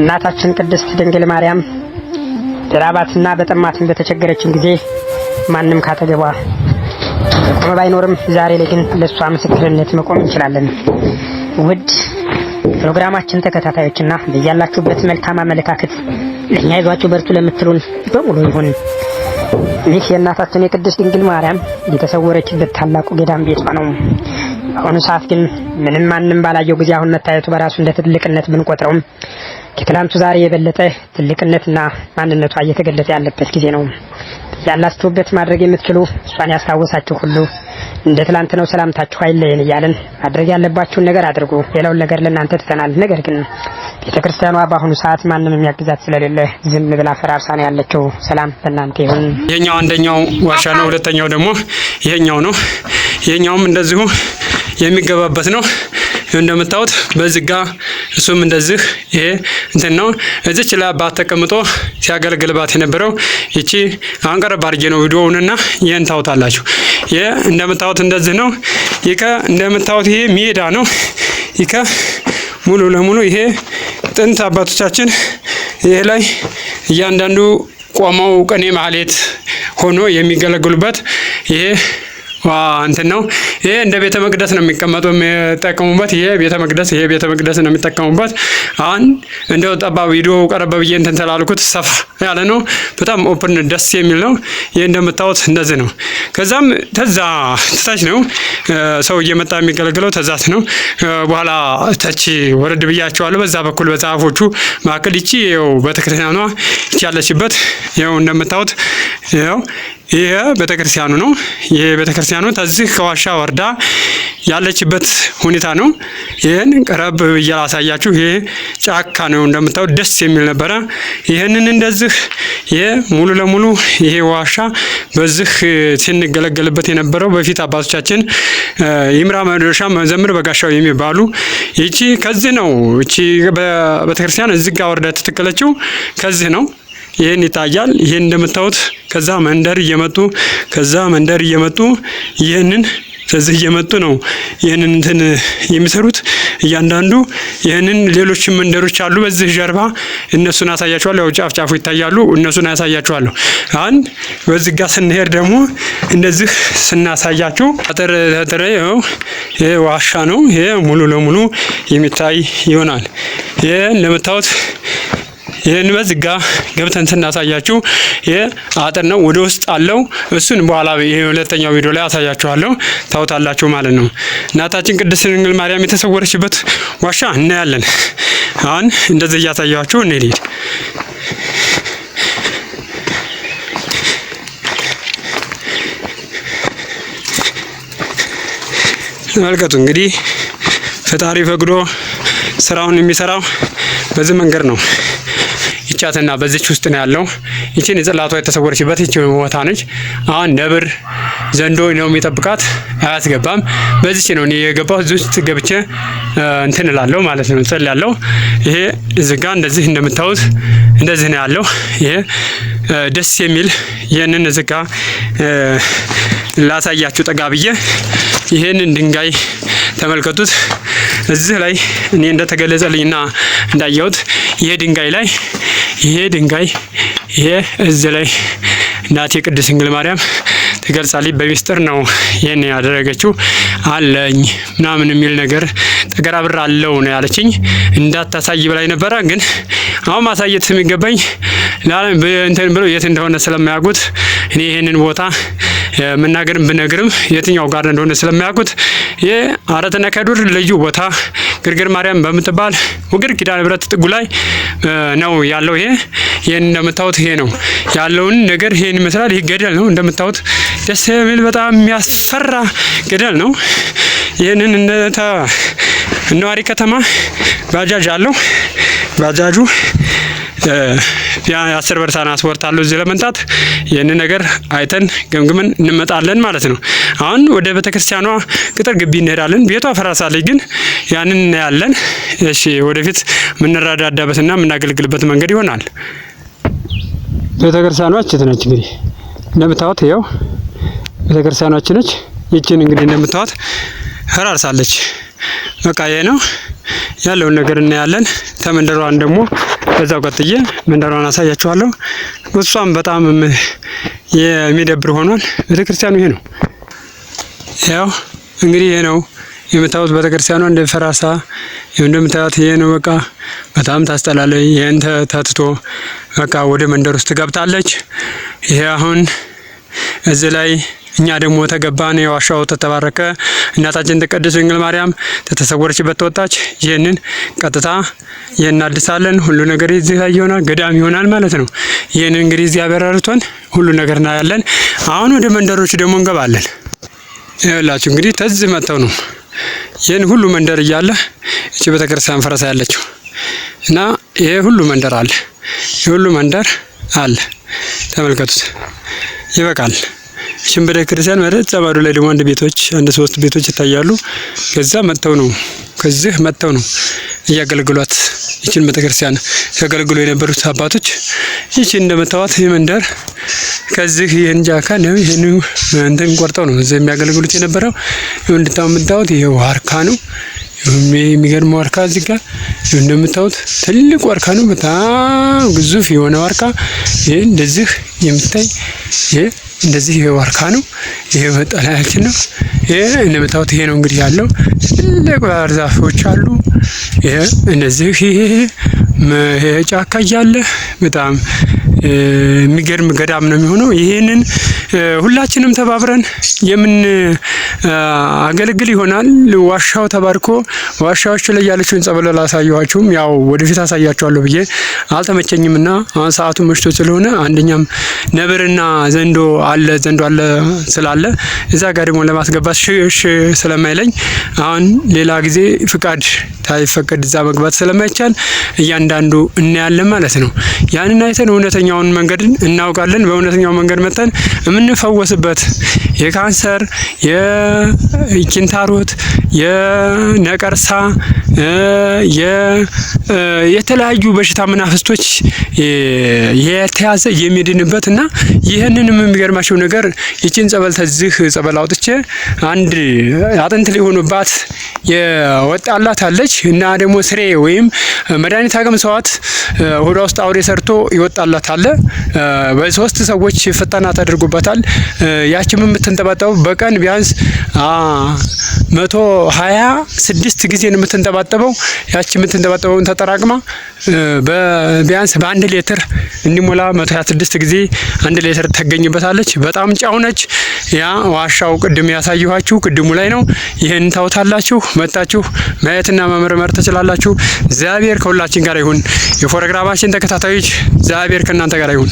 እናታችን ቅድስት ድንግል ማርያም በራባትና በጠማትን በተቸገረችን ጊዜ ማንም ካጠገቧ ቆመ ባይኖርም፣ ዛሬ ላይ ግን ለእሷ ምስክርነት መቆም እንችላለን። ውድ ፕሮግራማችን ተከታታዮችና በያላችሁበት መልካም አመለካከት ለእኛ ይዟችሁ በርቱ ለምትሉን በሙሉ ይሁን። ይህ የእናታችን የቅድስት ድንግል ማርያም የተሰወረችበት ታላቁ ገዳም ቤቷ ነው። በአሁኑ ሰዓት ግን ምንም ማንም ባላየው ጊዜ አሁን መታየቱ በራሱ እንደ ትልቅነት ብንቆጥረውም ከትላንቱ ዛሬ የበለጠ ትልቅነትና ማንነቷ እየተገለጠ ያለበት ጊዜ ነው። ያላችሁበት ማድረግ የምትችሉ እሷን ያስታወሳችሁ ሁሉ እንደ ትላንት ነው ሰላምታችሁ አይለየን እያልን ማድረግ ያለባችሁን ነገር አድርጉ። ሌላውን ነገር ለእናንተ ትተናል። ነገር ግን ቤተክርስቲያኗ በአሁኑ ሰዓት ማንም የሚያግዛት ስለሌለ ዝም ብላ ፈራርሳ ነው ያለችው። ሰላም ለናንተ ይሁን። ይሄኛው አንደኛው ዋሻ ነው። ሁለተኛው ደግሞ ይሄኛው ነው። ይሄኛውም እንደዚሁ የሚገባበት ነው። እንደምታዩት በዚህ ጋ እሱም እንደዚህ ይሄ እንትን ነው። እዚች ላይ አባት ተቀምጦ ሲያገለግልባት የነበረው ይቺ አንቀረ ባርጌ ነው። ቪዲዮውንና ይህን ታውታላችሁ። ይህ እንደምታዩት እንደዚህ ነው። ይከ እንደምታዩት ይሄ ሜዳ ነው። ይከ ሙሉ ለሙሉ ይሄ ጥንት አባቶቻችን ይሄ ላይ እያንዳንዱ ቆመው ቅኔ ማህሌት ሆኖ የሚገለግሉበት ይሄ እንትን ነው። ይሄ እንደ ቤተ መቅደስ ነው የሚቀመጡ የሚጠቀሙበት። ይሄ ቤተ መቅደስ ይሄ ቤተ መቅደስ ነው የሚጠቀሙበት። አሁን እንደው ጠባብ ቪዲዮ ቀረበ ብዬ እንትን ተላልኩት ሰፍ ያለ ነው። በጣም ኦፕን ደስ የሚል ነው። ይሄ እንደምታዩት እንደዚህ ነው። ከዛም ተዛ ተታች ነው ሰው እየመጣ የሚገለግለው ተዛት ነው። በኋላ ተች ወረድ ብያቸዋለሁ። በዛ በኩል በዛፎቹ መካከል ይቺ ው ቤተክርስቲያኗ ይቻለችበት ያለችበት ው እንደምታዩት ው ይህ ቤተክርስቲያኑ ነው። ይህ ቤተክርስቲያኑ ከዚህ ከዋሻ ወርዳ ያለችበት ሁኔታ ነው። ይህን ቀረብ ብዬ ላሳያችሁ። ይህ ጫካ ነው እንደምታው ደስ የሚል ነበረ። ይህንን እንደዚህ ይህ ሙሉ ለሙሉ ይሄ ዋሻ በዚህ ሲንገለገልበት የነበረው በፊት አባቶቻችን ይምራ መዶሻ፣ መዘምር በጋሻው የሚባሉ ይቺ ከዚህ ነው። ይቺ ቤተክርስቲያን እዚህ ጋር ወርዳ የተተከለችው ከዚህ ነው። ይህን ይታያል። ይህን እንደምታዩት ከዛ መንደር እየመጡ ከዛ መንደር እየመጡ ይህንን ከዚህ እየመጡ ነው ይህንን እንትን የሚሰሩት እያንዳንዱ ይህንን ሌሎችን መንደሮች አሉ በዚህ ጀርባ እነሱን አሳያችኋለሁ። ያው ጫፍ ጫፉ ይታያሉ እነሱን አሳያችኋለሁ። አሁን በዚህ ጋር ስንሄድ ደግሞ እንደዚህ ስናሳያችሁ አጥር ተጥረ ይሄ ዋሻ ነው። ይሄ ሙሉ ለሙሉ የሚታይ ይሆናል። ይሄን ለምታዩት ይህን በዝ ገብተን ስናሳያችሁ አጥር ነው ወደ ውስጥ አለው። እሱን በኋላ ሁለተኛው ቪዲዮ ላይ አሳያችኋለሁ፣ ታውታላችሁ ማለት ነው። እናታችን ቅድስት ድንግል ማርያም የተሰወረችበት ዋሻ እናያለን። አሁን እንደዚህ እያሳያችሁ እንሄድ። ተመልከቱ እንግዲህ ፈጣሪ ፈቅዶ ስራውን የሚሰራው በዚህ መንገድ ነው። አመቻትና በዚች ውስጥ ነው ያለው። ይችን የጽላቷ የተሰወረችበት ይች ቦታ ነች። አሁን ነብር ዘንዶ ነው የሚጠብቃት፣ አያስገባም። በዚች ነው እኔ የገባው እዚህ ውስጥ ገብቼ እንትን እላለሁ ማለት ነው። ጽል ያለው ይሄ እዚህ እንደዚህ እንደምታዩት እንደዚህ ነው ያለው። ይሄ ደስ የሚል ይህንን እዚህ ላሳያችሁ ጠጋ ብዬ ይህንን ድንጋይ ተመልከቱት። እዚህ ላይ እኔ እንደተገለጸልኝና እንዳየሁት ይሄ ድንጋይ ላይ ይሄ ድንጋይ ይሄ እዚ ላይ እናቴ ቅድስት ድንግል ማርያም ትገልጻለች። በሚስጥር ነው ይህን ያደረገችው አለኝ ምናምን የሚል ነገር ብር አለው ነው ያለችኝ። እንዳታሳይ ብላይ ነበረ፣ ግን አሁን ማሳየት የሚገባኝ እንትን ብሎ የት እንደሆነ ስለማያውቁት እኔ ይህንን ቦታ መናገርም ብነግርም የትኛው ጋር እንደሆነ ስለማያውቁት ይህ አረተነከዱር ልዩ ቦታ ግርግር ማርያም በምትባል ውግር ኪዳነ ምሕረት ጥጉ ላይ ነው ያለው። ይሄ ይህን እንደምታዩት ይሄ ነው ያለውን ነገር ይሄን ይመስላል። ይህ ገደል ነው እንደምታዩት፣ ደስ የሚል በጣም የሚያስፈራ ገደል ነው። ይህንን ነዋሪ ከተማ ባጃጅ አለው ባጃጁ የአስር ብር ስፖርት አለው እዚህ ለመምጣት ይህንን ነገር አይተን ገምግመን እንመጣለን ማለት ነው። አሁን ወደ ቤተክርስቲያኗ ቅጥር ግቢ እንሄዳለን። ቤቷ ፈራሳለች፣ ግን ያንን እናያለን። እሺ፣ ወደፊት የምንረዳዳበትና የምናገለግልበት መንገድ ይሆናል። ቤተክርስቲያኗ እችት ነች እንግዲህ እንደምታዩት ይኸው ቤተክርስቲያኗ ነች። ይችን እንግዲህ እንደምታዩት ፈራርሳለች። መቃየ ነው። ያለውን ነገር እናያለን። ተመንደሯን ደግሞ በዛው ቀጥዬ መንደሯን አሳያችኋለሁ። እሷም በጣም የሚደብር ሆኗል። ቤተክርስቲያኑ ይሄ ነው። ያው እንግዲህ ይሄ ነው የምታዩት ቤተክርስቲያኗ እንደ ፈራሳ እንደምታዩት ይሄ ነው። በቃ በጣም ታስጠላለች። ይሄን ተትቶ በቃ ወደ መንደር ውስጥ ገብታለች። ይሄ አሁን እዚህ ላይ እኛ ደግሞ ተገባን የዋሻው ተተባረከ እናታችን ተቀድስ ድንግል ማርያም ተተሰወረችበት ተወጣች። ይህንን ቀጥታ እናድሳለን። ሁሉ ነገር እዚህ ላይ ይሆናል፣ ገዳም ይሆናል ማለት ነው። ይህንን እንግዲህ እዚህ ያበረርቶን ሁሉ ነገር እናያለን። አሁን ወደ መንደሮች ደግሞ እንገባለን። ይኸውላችሁ እንግዲህ ተዝ መጥተው ነው ይህን ሁሉ መንደር እያለ እቺ ቤተክርስቲያን ፈረሳ ያለችው እና ይሄ ሁሉ መንደር አለ፣ ይህ ሁሉ መንደር አለ። ተመልከቱት፣ ይበቃል። ሽንብረ ክርስቲያን ማለት እዛ ባዶ ላይ ደግሞ አንድ ቤቶች አንድ ሶስት ቤቶች ይታያሉ። ከዛ መጥተው ነው ከዚህ መጥተው ነው እያገለግሏት ይችን ቤተክርስቲያን ሲያገለግሉ የነበሩት አባቶች። ይቺ እንደመታዋት የመንደር ከዚህ ይህን ጃካ ነው ይህን እንትን ቆርጠው ነው እዚህ የሚያገለግሉት የነበረው። እንድታምታወት ይሄው ዋርካ ነው የሚገርመው ዋርካ እዚህ ጋር እንደምታዩት ትልቅ ዋርካ ነው። በጣም ግዙፍ የሆነ ዋርካ ይህ እንደዚህ የምታይ እንደዚህ ይሄ ዋርካ ነው። ይሄ መጠለያችን ነው። ይሄ እንደምታዩት ይሄ ነው እንግዲህ ያለው ትልቅ ባህር ዛፎች አሉ። ይሄ እንደዚህ ይሄ ጫካ እያለ በጣም የሚገርም ገዳም ነው የሚሆነው። ይህንን ሁላችንም ተባብረን የምን አገልግል ይሆናል። ዋሻው ተባርኮ ዋሻዎቹ ላይ ያለችውን ጸበል አላሳየኋችሁም። ያው ወደፊት አሳያችኋለሁ ብዬ አልተመቸኝም እና አሁን ሰዓቱ መሽቶ ስለሆነ አንደኛም ነብርና ዘንዶ አለ ዘንዶ አለ ስላለ እዛ ጋር ደግሞ ለማስገባት ሽሽ ስለማይለኝ አሁን ሌላ ጊዜ ፍቃድ ታይፈቀድ እዛ መግባት ስለማይቻል እያንዳንዱ እናያለን ማለት ነው። ያንን አይተን እውነተኛ እውነተኛውን መንገድ እናውቃለን። በእውነተኛው መንገድ መጥተን የምንፈወስበት የካንሰር፣ የኪንታሮት፣ የነቀርሳ፣ የተለያዩ በሽታ መናፍስቶች የተያዘ የሚድንበት እና ይህንንም የሚገርማቸው ነገር ይችን ጸበል ተዚህ ጸበል አውጥቼ አንድ አጥንት ሊሆኑባት የወጣላት አለች እና ደግሞ ስሬ ወይም መድኃኒት አቅም ሰዋት ሆዷ ውስጥ አውሬ ሰርቶ ይወጣላታል። አለ። በሶስት ሰዎች ፍጠና ተደርጎበታል። ያችም የምትንጠባጠበው በቀን ቢያንስ መቶ ሀያ ስድስት ጊዜ ነው የምትንጠባጠበው። ያቺ የምትንጠባጠበውን ተጠራቅማ ቢያንስ በአንድ ሌትር እንዲሞላ መቶ ሀያ ስድስት ጊዜ አንድ ሌትር ትገኝበታለች። በጣም ጫውነች። ያ ዋሻው ቅድም ያሳየኋችሁ ቅድሙ ላይ ነው። ይህን ታውታላችሁ፣ መጣችሁ ማየትና መመርመር ትችላላችሁ። እግዚአብሔር ከሁላችን ጋር ይሁን። የፎቶግራፋችን ተከታታዮች እግዚአብሔር ከእናንተ ተጋዳይ ሁን።